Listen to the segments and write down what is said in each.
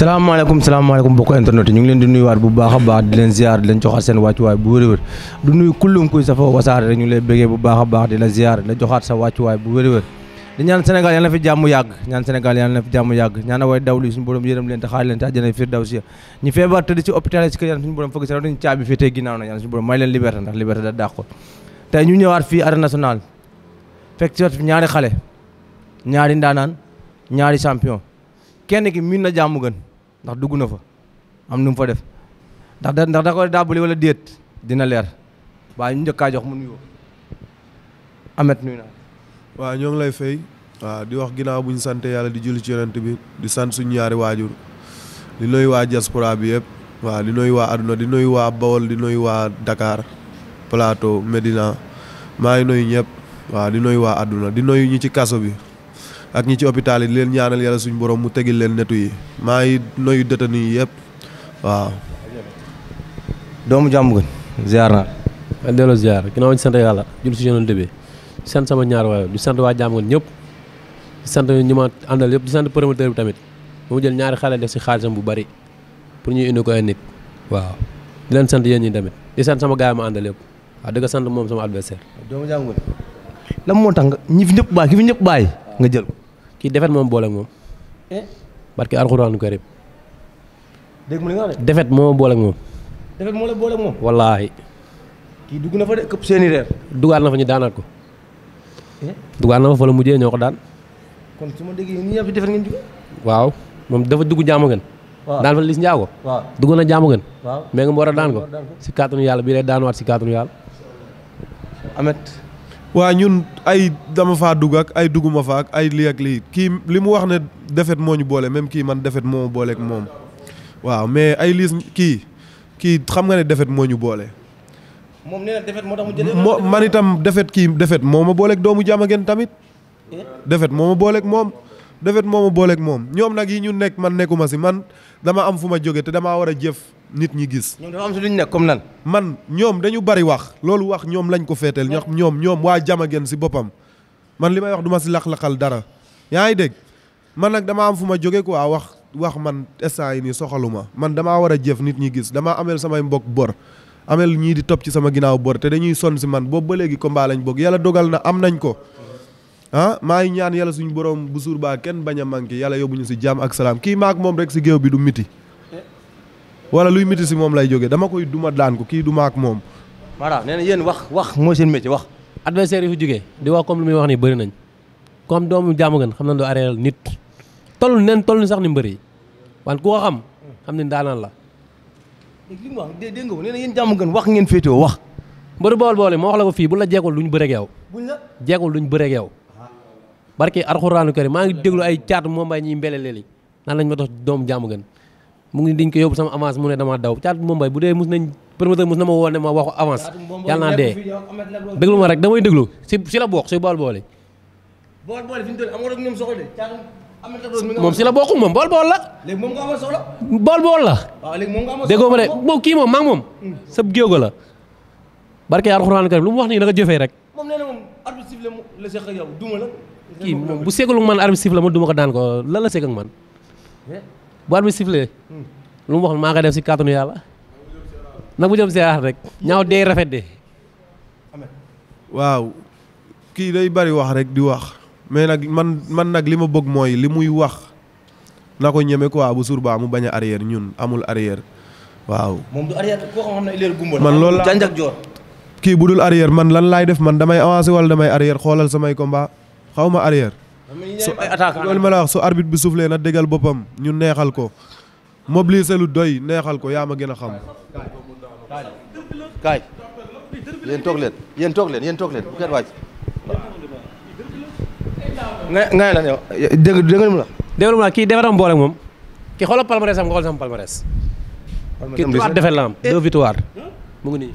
salaamaaleykum salaamaaleykum mbokki internet yi ñu ngi leen di nuyuwaat bu baax a baax di leen ziar di leen joxaat seen wàccuwaay bu wërëwër du nuyu kullum kuy safoo wasaare rek ñu ngi lay bu baax a baax di la ziar di la joxaat sa wàccuwaay bu wërëwër di ñaan Sénégal yal na fi jàmm yàgg ñaan Sénégal yal na fi jàmm yàgg ñaan a way dawlu suñu borom yërëm leen te xaar leen te àjjana firdawsi ñu feebar tëdd ci hôpital ci kër yàlla suñu na yàlla suñu borom may leen ñaari xale ñaari ndaanaan kenn ki miin na jàmm gën ndax dugg na fa am nu mu fa def ndax da ndax da ko dàbbali wala déet dina leer waaye ñu njëkkaa jox mu nuyoo Amet nuyu naa waaw ñoo ngi lay fay waa di wax ginnaaw bu ñu sant yàlla di julli ci yonent bi di sant suñu ñaari waajur di nuyu waa diaspora bi yëpp waaw di nuyu waa aduna di nuyu waa Bawol di nuyu waa Dakar palaato Médina maa ngi nuyu ñëpp waaw di nuyu waa aduna di nuyu ñi ci kaso bi ak ñi ci hôpital yi di leen ñaanal yàlla suñu borom mu tegil leen netu yi maa ngi noyu détenu yi yëpp waaw. doomu jàmm gën ziar naa. waaw delloo ziar ginnaaw ñu sant yàlla jul si yonent bi di sant sama ñaar waaye di sant waa jàmm gën ñëpp di sant ñi ma àndal yëpp di sant promoteur bi tamit mu jël ñaari xale def si xaalisam bu bari pour ñu indi ko ay nit waaw di leen sant yéen ñi tamit di sant sama gaay ma àndal yëpp waaw di sant moom sama adversaire. doomu jàmm moo tax nga ñi fi ñëpp bàyyi ñëpp bàyyi. nga jël ko kii defet moom boole ak moom. parce eh? que alxuraanu karim. dégg mu de. defet moo boole ak moom. defet moo la boole ak moom. wallaahi. kii dugg na fa de këpp seeni reer. dugaat na fa ñu daanaat ko. Eh? dugaat na fa fa la ñoo ko daan. kon su ma déggee nii yàlla si waaw moom dafa dugg jaamu ngeen. waaw daan fa lis njaago. waaw dugg jaamu ngeen. waaw nga mu war a daan ko. si kàttanu yàlla bi lay daanuwaat si kàttanu yàlla. waa ñun ay dama faa dugg ak ay dugguma fa ak ay lii ak lii kii li mu wax ne defet moo ñu boole même kii man defet moo booleek moom waaw mais ay liis kii kii xam nga ne defet moo ñu boole. moom nee defet moo tax mu jëlee moo man itam defet kii defet moo ma booleeg doomu Diamaguène tamit. Eh? defet moo ma booleeg moom. defet moo ma booleeg moom ñoom nag yi ñu nekk man nekkuma si man dama am fu ma jóge te damaa war a jëf. nit ñi gis. ñoom dafa am si lu ñu nekk comme nan. man ñoom dañu bari wax. loolu wax ñoom lañ ko féeteel ñoom ñoom jam a genn si boppam man li may wax duma si laq-laqal dara. yaa ngi dégg man nag damaa am fu ma jógee quoi wax wax man instant yi nii soxalu ma man damaa war a jëf nit ñi gis dama ameel samay mbokk bor. ameel ñii di topp ci sama ginnaaw bor te dañuy son si man boobu ba léegi combat lañ bokk yàlla dogal na am nañ ko. ah maa ñaan yàlla suñu borom bu suur baa kenn bañ a manqué yàlla yóbbu si jàmm ak salaam kii moom rek si géew bi du miti wala luy métti moom lay jóge dama koy duma daan ko kii duma ak moom. voilà nee na wax wax moo seen métier wax. adversaire yi fi jógee di wax comme li muy wax nii bëri nañ kom doomu jaamu ngeen xam na doo aréel nit toll nen toll sax ni mbëri yi wan ku ko xam xam ne daanaan la. léegi li wax na yéen jaamu ngeen wax ngeen féetewoo wax. mbëri bool bool yi ma wax la ko fii bu la jeekul duñ bëreeg yow. buñ la jeekul duñ bëreeg yow. barke alxuraanu kariim maa ngi déglu ay caat moom ay ñiy mbele lañ ma tax doomu jaamu mu ngi diñ ko yóbbu sama avance mu ne damaa daw caatu Mbombay bu dee mus nañ promoteur mus na ma woo ne ma waxu avance yàlla naa dee déglu ma rek damay déglu si si la bokk si bool boole bool boole fi moom si la bokk moom bool bool la léegi moom nga amal la waaw léegi moom nga amal soxla déggoo ma de moom kii moom maa moom hmm. sab géego la barke alxuraan karim lu mu wax nii naka jëfee rek moom nee na moom arbitre siffle la seq ak yow duma la kii bu seqalul man arbitre siffle ma duma ko daan ko lan la seq ak man eh? bu arbitre bi sifflé hmm. lu mu wax maa nga def si kàttanu yàlla nag mu jëm seeraat rek ñaaw dee rafet de waaw kii day bari wax rek di wax mais nag man man nag li ma bëgg mooy li muy wax na ko ñeme waa bu surbaa mu bañ a arrière ñun amul arrière waaw. moom du man lool laa jànjak kii bu dul arrière man lan laay def man damay avancer wala damay arrière xoolal samay combat xaw ma arrière. su attaque loolu ma la wax su arbitre bi soufflé na déggal boppam ñu neexal ko mobiliser lu doy neexal ko yaa ma gën a xam. kaay yéen toog leen yéen toog leen yéen toog leen bu kenn wàcc. nga nga lan mu la. kii dafa doon boole moom. ki xoolal palmarès am nga xool sama palmarès. palmarès am kii la am deux victoires mu ngi nii.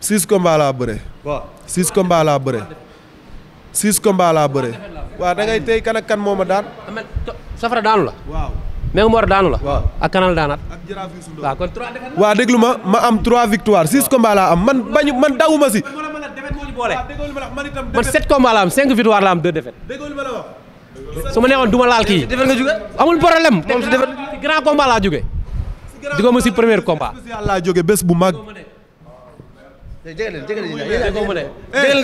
six combats laa bëre. waaw six combats laa six combats laa bëre. waaw da ngay tey kan kan moo daan. safara daanu la. waaw Meng Mor daanu la. waaw ak kanal daanaat. ak jaraaf yu sunu. waaw kon trois waaw déglu ma ma am trois victoires six combats am man dawuma si. man sept combats am cinq victoires la am deux défaites. su ma neexoon du laal kii. defet nga jóge amul si defet grand combat jóge. di ko si premier combat. jóge bés bu mag. jege leen jege leen eh,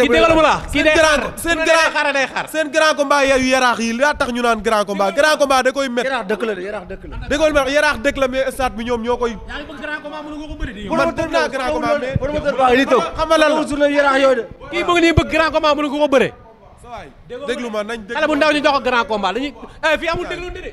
kii déggal ma la kii day xaar seen grand xaar day xaar seen grand combat yu yaraax yi daa tax ñu naan grand combat grand combat da koy met yaraax dëkk la de yaraax dëkk la déggoo ma yaraax dëkk la mais stade bi ñoom ñoo koy yaa ngi bëgg grand combat mënu nga ko bëri man bëgg naa grand combat mais promoteur baa ngi toog xamal la journée yaraax yooyu de kii mu ngi nii bëgg grand combat mënu nga ko bëre déglu ma nañ déglu xale bu ndaw ñu jox ko grand combat dañuy eh fii amul déglu ndi de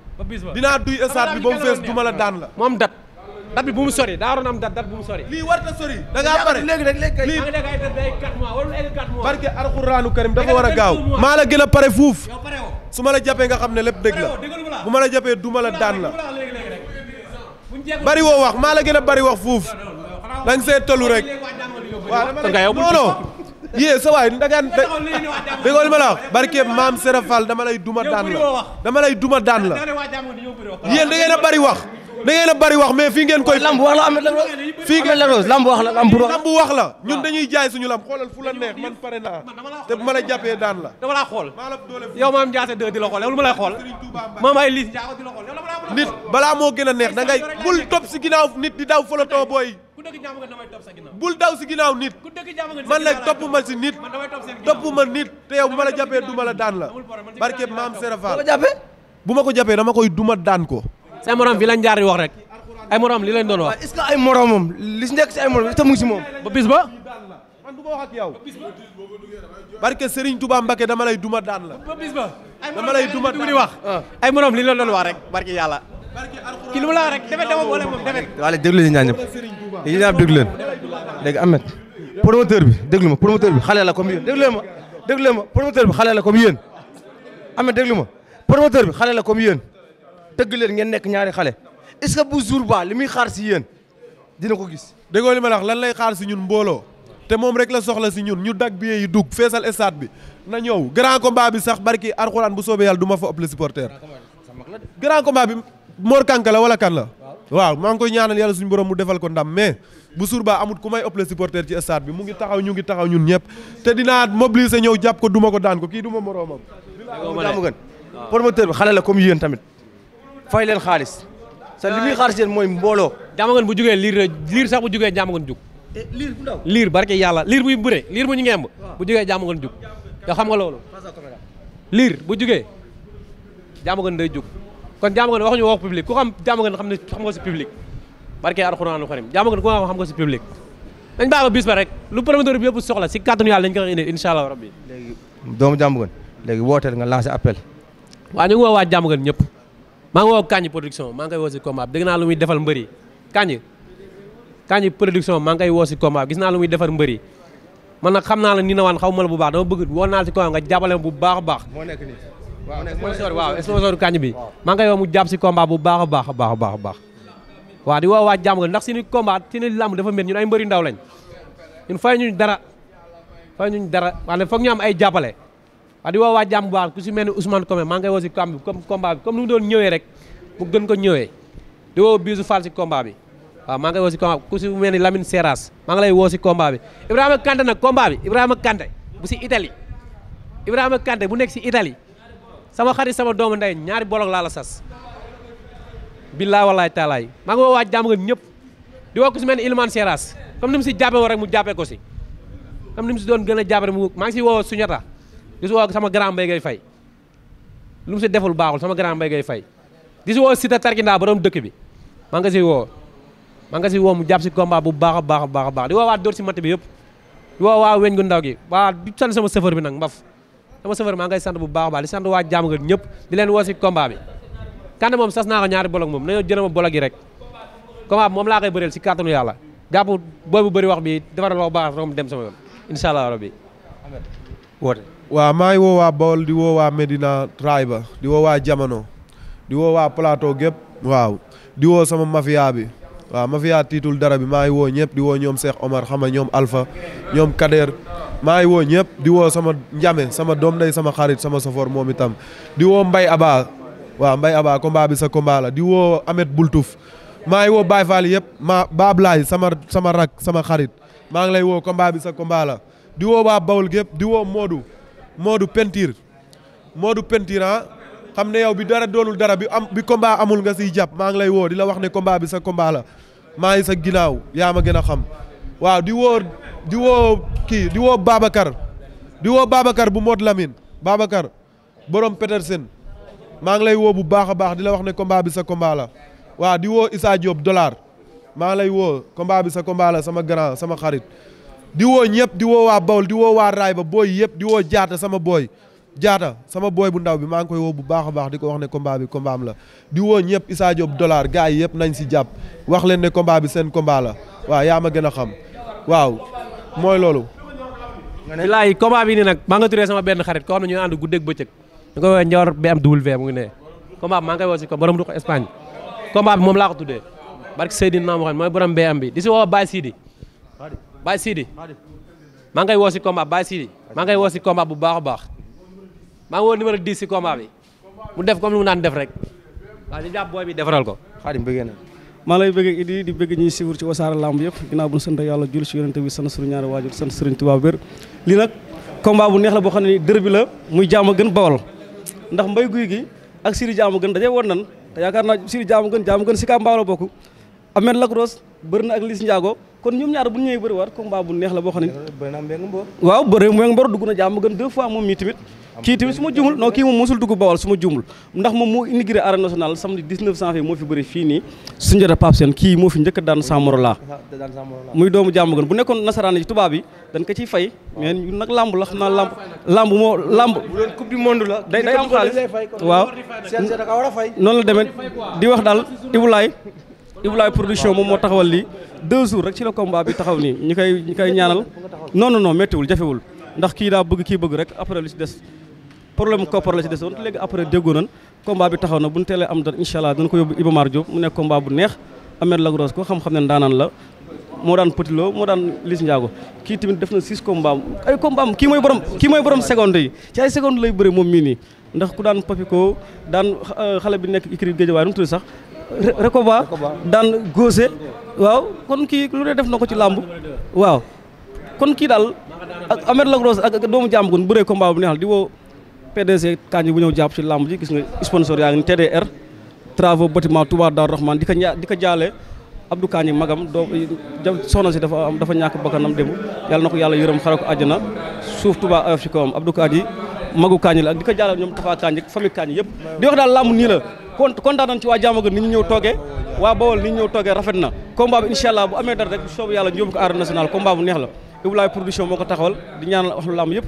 dinaa duy stade bi ba fees du la daan la. moom dat dat bi bu mu sori daa dat dat bu mu sori. lii war na sori. da ngaa pare léegi da ngay def day 4 mois warul ay 4 mois. barke war a gaaw. maa la gën a pare fuuf. su ma la jàppee nga xam ne lépp dëgg la bu ma la jàppee du ma la daan la. bari woo wax maa la gën a bari wax fuuf. da nga see tollu rek. waaw dama non yee sa waay da ngaa déggoo li ma la wax maam Serap Fall dama lay duma daan la dama lay duma daan la yéen da ngeen a bari wax da ngeen a bari wax mais fii ngeen koy. lamb wax la am fii ngeen lamb lamb wax la ñun dañuy jaay suñu lamb xoolal la man pare naa te bu ma la jàppee daan la. dama laa xool yow maam Ndiass di la xool yow lu ma lay xool maam ay Liss Ndiago di la xool nit balaa moo gën a neex da ngay topp si ginnaaw nit di daw folo booy. bul daw si ginnaaw nit man nag topp ma si nit topp ma nit te yow bu ma la jàppee duma la daan la barke maam Serafal bu ma ko jàppee dama koy duma daan ko. say morom fi lañ jaar di wax rek ay morom li lañ doon wax. est-ce que ay moromam li si nekk si ay morom li tamu si moom. ba bis ba. man du ma wax ak dama lay duma daan la. ba bis ba. dama lay duma daan wax. Ah. li lañ doon wax rek barke yàlla. ki lu ma la rek defet dama boole moom defet. waaye déglu leen ñaan ñëpp yéen ñaar déglu leen léegi Ahmed promoteur bi déglu ma promoteur bi xale la comme yéen déglu ma déglu ma promoteur bi xale la comme yéen Ahmed déglu ma promoteur bi xale la comme yéen dëgg leen ngeen nekk ñaari xale est bu jour ba li muy xaar si yéen dina ko gis. déggoo li ma la wax lan lay xaar si ñun mbooloo te moom rek la soxla si ñun ñu dag bi yi dugg feesal stade bi na ñëw ko baa bi sax barki alxuraan bu soobee yàlla duma fo fa ëpp le supporter. Mor Kanka la wala kan la. waaw maa ngi koy ñaanal yàlla suñu borom mu defal ko ndam mais bu suur baa amut ku may ëpp le supporter ci stade bi mu ngi taxaw ñu ngi taxaw ñun ñëpp te dinaa mobiliser ñëw jàpp ko duma ko daan ko kii duma moroomam. dama gën promoteur bi xale la comme yéen tamit fay leen xaalis. sa li muy xaalis yéen mooy mbooloo. jàmm ngeen bu jugee liir liir sax ko jugee jàmm ngeen jug. Eh, liir bu ndaw liir barke yàlla liir buy bëre liir bu ñu ngemb bu jugee jàmm ngeen jug. yow xam nga loolu liir bu jugee jàmm ngeen day kon jaamu ngeen waxuñu woo public ku xam jaamu ngeen xam ne xam nga si public barke alxuraanu karim jaamu ngeen ku nga xam nga si public baax ba bis ba rek lu promoteur bi yëpp soxla si kàttanu yàlla dañ ko indi incha allah rabbi léegi doomu jaamu ngeen léegi wooteel nga lancé appel waaw ñu ngi woo waa jaamu ngeen ñëpp maa ngi woo Kandji production maa ngi koy woo si combat bi dégg naa lu muy defal mbëri Kandji Kandji production maa ngi koy woo si combat gis naa lu muy defal mbëri man nag xam naa la nii na waan xaw ma bu baax dama bëgg woo naa si combat nga jàppale bu baax baax moo nekk nii waaw sponsor waaw sponsor kañ bi maa ngi koy woo mu jàpp si combat bu baax a baax a baax a baax a baax waaw di woo waa jàmm ndax suñu combat suñu làmb dafa métti ñun ay mbëri ndaw lañ ñun fay ñuñ dara fay ñuñ dara ne foog ñu am ay jàppale waaw di woo waa jàmm bu baax ku si mel ni Ousmane Kome maa ngi koy woo si camp bi comme combat bi comme ni mu doon ñëwee rek mu gën ko ñëwee di woo Bisu Fall si combat bi waaw maa ngi koy woo si combat bi ku si mel ni Lamine Seras maa ngi lay woo si combat bi Ibrahima Kanté nag combat bi Ibrahima Kanté bu bu nekk si Italie sama xarit sama doomu ndey ñaari bolok laa la sas billaa walaay taalaay maa ngi woo waa jàmm ngeen ñëpp di woo ko si mel ni Ilman Seras comme ni mu si jàppe woon rek mu jàppee ko si comme ni si doon gën a rek mu maa ngi si woo suñata di si woo sama grand mbay ngay fay lu si deful baaxul sama grand mbay ngay fay di si woo Sita Tarkinda borom dëkk bi maa nga si woo maa nga si woo mu jàpp si combat bu baax a baax a baax di woo waa dóor si matt bi yëpp di waa weñ gu ndaw gi waa di sama sëfër bi nag mbaf sama safar maa ngay sant bu baax baax di sant waa jaam nga ñëpp di leen woo si combat bi Kande moom sas naa ko ñaari bolog moom nañoo jëlama bolog yi rek combat bi moom laa koy bëreel si kàttanu yàlla jàpp booy bu bëri wax bi defaral wax baax rom dem sama yoon incha allah rabbi woote waaw maa ngi woo waa Bawol di woo waa Medina Traay ba di woo waa Jamono di woo waa Plateau gépp waaw di woo sama mafia bi waa waaw mafia tiitul dara bi maa ngi woo ñëpp di woo ñoom Cheikh Omar xam nga ñoom Alpha ñoom Kader maa ngi woo ñëpp di woo sama njame sama doom day sama xarit sama safoor moom itam di woo mbay abaa waa mbay Mbaye Aba combat bi sa combat la di woo Amet Bultuf maa ngi woo Baye Fall yëpp ma laay sama sama rak sama xarit maa ngi lay woo ko mbaa bi sa combat la di woo waa Bawol gépp di woo Modou moodu pentiir Modou Pentir ah. xam ne yow bi dara doonul dara bi am bi combat amul nga siy jàpp maa ngi lay woo di la wax ne combat bi sa combat la maa ngi sa ginnaaw yaa ma gën a xam waaw di woo di kii di woo Babacar di woo Babacar bu Mod Lamine Babacar borom Petersen maa ngi lay woo bu baax a baax di la wax ne combat bi sa combat la waaw di woo dollar maa ngi lay woo combat bi sa combat la sama grand sama xarit di woo ñëpp di woo waa Bawol di woo waa Raay ba booy yëpp di woo jaata sama booy jaata sama booy bu ndaw bi maa ngi koy woo bu baax a baax di ko wax ne combat bi combat am la di woo ñëpp Issa Diop dollar gars yi yëpp nañ si jàpp wax leen ne combat bi seen kombaa la waa yaa ma gën a xam waaw mooy loolu. wallaahi combat bi nii nag maa nga turee sama benn xarit ko xam ne ñu ànd guddeeg bëccëg ñu koy woowee Ndior BMW mu ngi ne combat bi maa ngi koy woo si ko borom du ko Espagne combat bi moom laa ko tuddee barke Seydina Mohamed mooy borom BM bi di si woo Baye Sidi Baye ngay woo si combat Baye Sidi ngay woo si combat bu baax a baax maa ngi woon numéro 10 si combat bi mu def comme lu mu naan def rek waaw di jàpp booy bi defaral na maa di bëgg ñuy siiwur ci wasaare lamb yëpp ginnaaw bu ñu sant yàlla jul si yonente neex la boo xam ne dër bi la muy jaam a gën bawal ndax mbay guy gi a gën dajee woon nan te yaakaar a gën jaam a gën si kaa mbaaw la bokk Ameth Lac Rose bu ñu ñëwee bëri waat combat bu neex la boo xam ne waaw bëri moom mii tamit kii tamit su ma jumul non kii moom mosul dugg Bawol su ma jumul ndax moom moo immigré arène nationale samedi 19 janvier moo fi bëri fii nii Sundiata Pape Sène kii moo fi njëkk a daan Samorola muy doomu jàmm gën bu nekkoon nasaraan yi tubaab yi dañ ko ciy fay mais ñun nag lamb la xam naa lamb lamb moo lamb bu doon coupe la day day am xaalis waaw noonu la demee di wax daal Ibulaay Ibulaay production moom moo taxawal li deux jour rek ci la combat bi taxaw nii ñu koy ñu koy ñaanal non non non jafewul ndax kii daa bëgg kii bëgg rek après lu ci des problème koppar la ci desoon léegi après déggoo nañ combat bi taxaw na bu ñu teelee am dara incha allah ko yóbbu Iba Mar mu nekk combat bu neex Ahmed Lagros ko xam-xam ne ndaanaan la moo daan Petit Lo moo daan Liss Ndiago kii tamit def na six combat ay combat am kii mooy borom kii mooy borom seconde yi ci ay seconde lay bëre moom mii nii ndax ku daan Papiko daan euh, xale bi nekk écurie Guédiawaye nu mu tudd sax Recoba daan Gosé waaw kon kii lu ne def na ko ci làmb waaw kon kii daal ak Ahmed Lagros ak doomu jàmbagun bëree combat di woo PDG Kandji bu ñëw jàpp ci làmb ji gis nga sponsor yaa ngi TDR travaux bâtiment Touba Darou Rahman di ko ña di ko jaale Abdou Kandji magam doo soxna si dafa am dafa ñàkk bakkanam démb yàlla na ko yàlla yërëm xare ko àjjana suuf Touba ayof ci kawam Abdou Kandji magu Kandji la ak di ko jaale ñoom Tafa Kandji famille Kandji yëpp di wax daal làmb nii la kon kontaan nañ ci waa Diamaguène ni ñu ñëw toogee waa Bawol ni ñu ñëw toogee rafet na combat bi incha allah bu amee dara rek soobu yàlla ñu yóbbu ko arène nationale combat bu neex la Iboulaye production moo ko taxawal di ñaanal wax lu làmb yëpp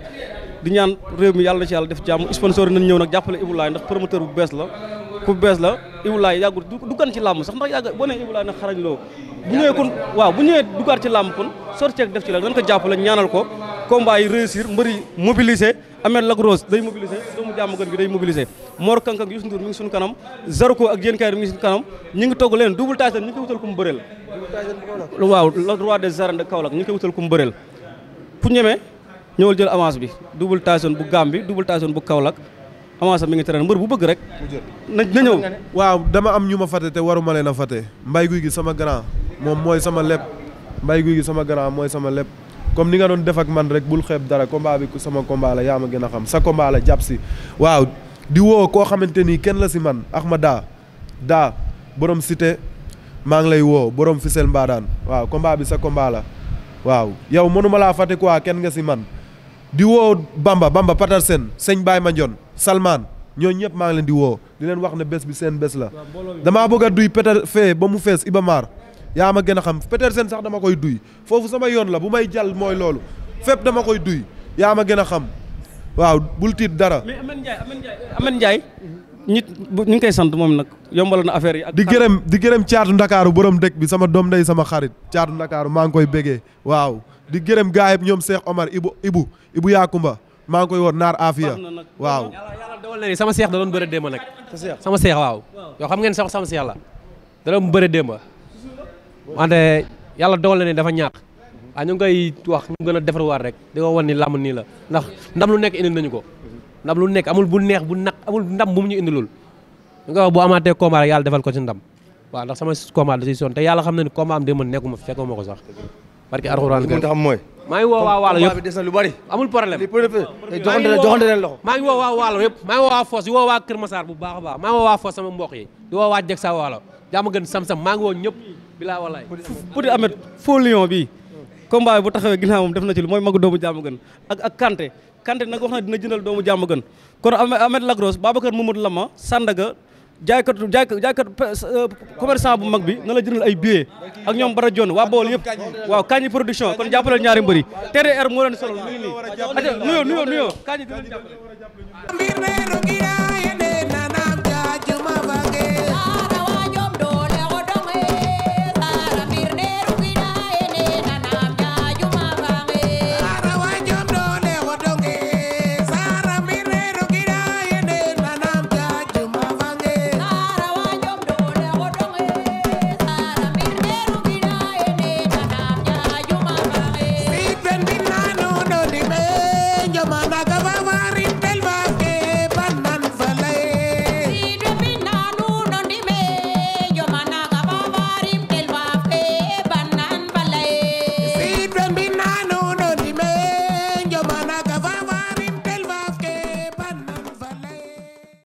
di ñaan réew mi yàlla ci yàlla def jàmm sponsor nañ ñëw nag jàppale Ibulaay ndax promoteur bu bees la ku bees la Ibulaay yàggul du kan ci làmb sax ndax yàgg boo nag xarañ loo bu ñëwee kon waaw bu ñëwee dugaat ci làmb kon sorti ceeg def ci la nan ko jàppale ñaanal ko combat yi réussir mbër yi mobiliser Amel Lagrosse day mobiliser doomu jàmm gën gi day mobiliser Mor Kankang Youssou Ndour mi ngi suñu kanam Zarko ak Diène Kaïré mi ngi suñu kanam ñu ngi togg leen double Tyson ñu ngi koy wutal ku mu bëreel waaw le roi des de Kaolack ñu ngi koy wutal mu bëreel ku ñeme ñëwal jël avance bi double Tyson bu Gambie double Tyson bu Kaolack avance mi ngi tere mbër bu bëgg rek. na na ñëw. waaw dama am ñu ma fàtte te waruma leen a fàtte mbay guy gi sama grand moom mooy sama lépp mbay guy gi sama grand mooy sama lépp comme ni nga doon def ak man rek bul xeeb dara combat bi sama combat la yaa ma gën a xam sa combat la jàpp si waaw di woo koo xamante ni kenn la si man ax ma daa daa borom cité maa ngi lay woo borom fisel Mbadaan waaw combat bi sa combat waaw yow mënuma laa fàtte quoi kenn nga si man. di woo Bamba Bamba Paterson baay ma Mandione Salman ñooñu ñëpp maa ngi leen di woo di leen wax ne bés bi seen bés la damaa bëgg a duy Peter fee ba mu fees Ibamar yaa ma gën a xam Petersen sax dama koy duy foofu sama yoon la bu may jàll mooy loolu fépp dama koy duy yaa ma gën a xam waaw bul tiit dara. mais Ndiaye Amane Ndiaye ñu koy sant moom nag yombal na affaire yi. ak di gërëm di gërëm caatu ndakaaru borom dëkk bi sama doom ndey sama xarit caatu ndakaaru maa ngi koy béggee waaw. di gërëm gaay ñoom seex Omar Ibu Ibu Ibu Yakumba maa ngi koy woon naar Afia waaw. yàlla dogal na ni sama seex da doon bëre démb nag. sama seex waaw. yow xam ngeen sax sama seex la da doon bëre démb. wante yàlla dogal na ni dafa ñàkk. waaw ñu koy wax ñu gën a defarwaat rek di ko wan ni làmb nii la ndax ndam lu nekk indi nañu ko. ndam lu nekk amul bu neex bu naq amul ndam bu mu ñu indilul. ñu ngi koy wax bu amaatee combat rek yàlla defal ko ci ndam waa ndax sama combat da son sonn te yàlla xam na ni combat am démb nekkuma fekkuma ko sax. barki alxuraan kër xam mooy maa ngi woo waa waalo yëpp des na lu bari amul problème joxante leen loxo maa ngi woo waa waalo yëpp maa ngi woo waa Fos di woo waa Kër Masaar bu baax a baax maa ngi woo waa Fos sama mbokk yi di woo waa jeg sa waalo jaama gën sam-sam maa ngi woo ñëpp bilaa walaay Petit Ameth lion bi combat bi bu taxawee ginnaaw moom def na ci lu mooy magu doomu jàmm gën ak ak Kanté Kanté nag wax na dina jëndal doomu jàmm gën kon Ameth Lagros Babacar Mamadou Lama Sandaga jaaykatu jaaykat jaaykatu euh, commerçant bu mag bi na la jëndal ay billets ak ñoom bara jon waa bool yëpp waaw kañi production kon jàppaleel ñaari mbër yi TDR moo leen solo nuyu nii nuyoo nuyoo nuyoo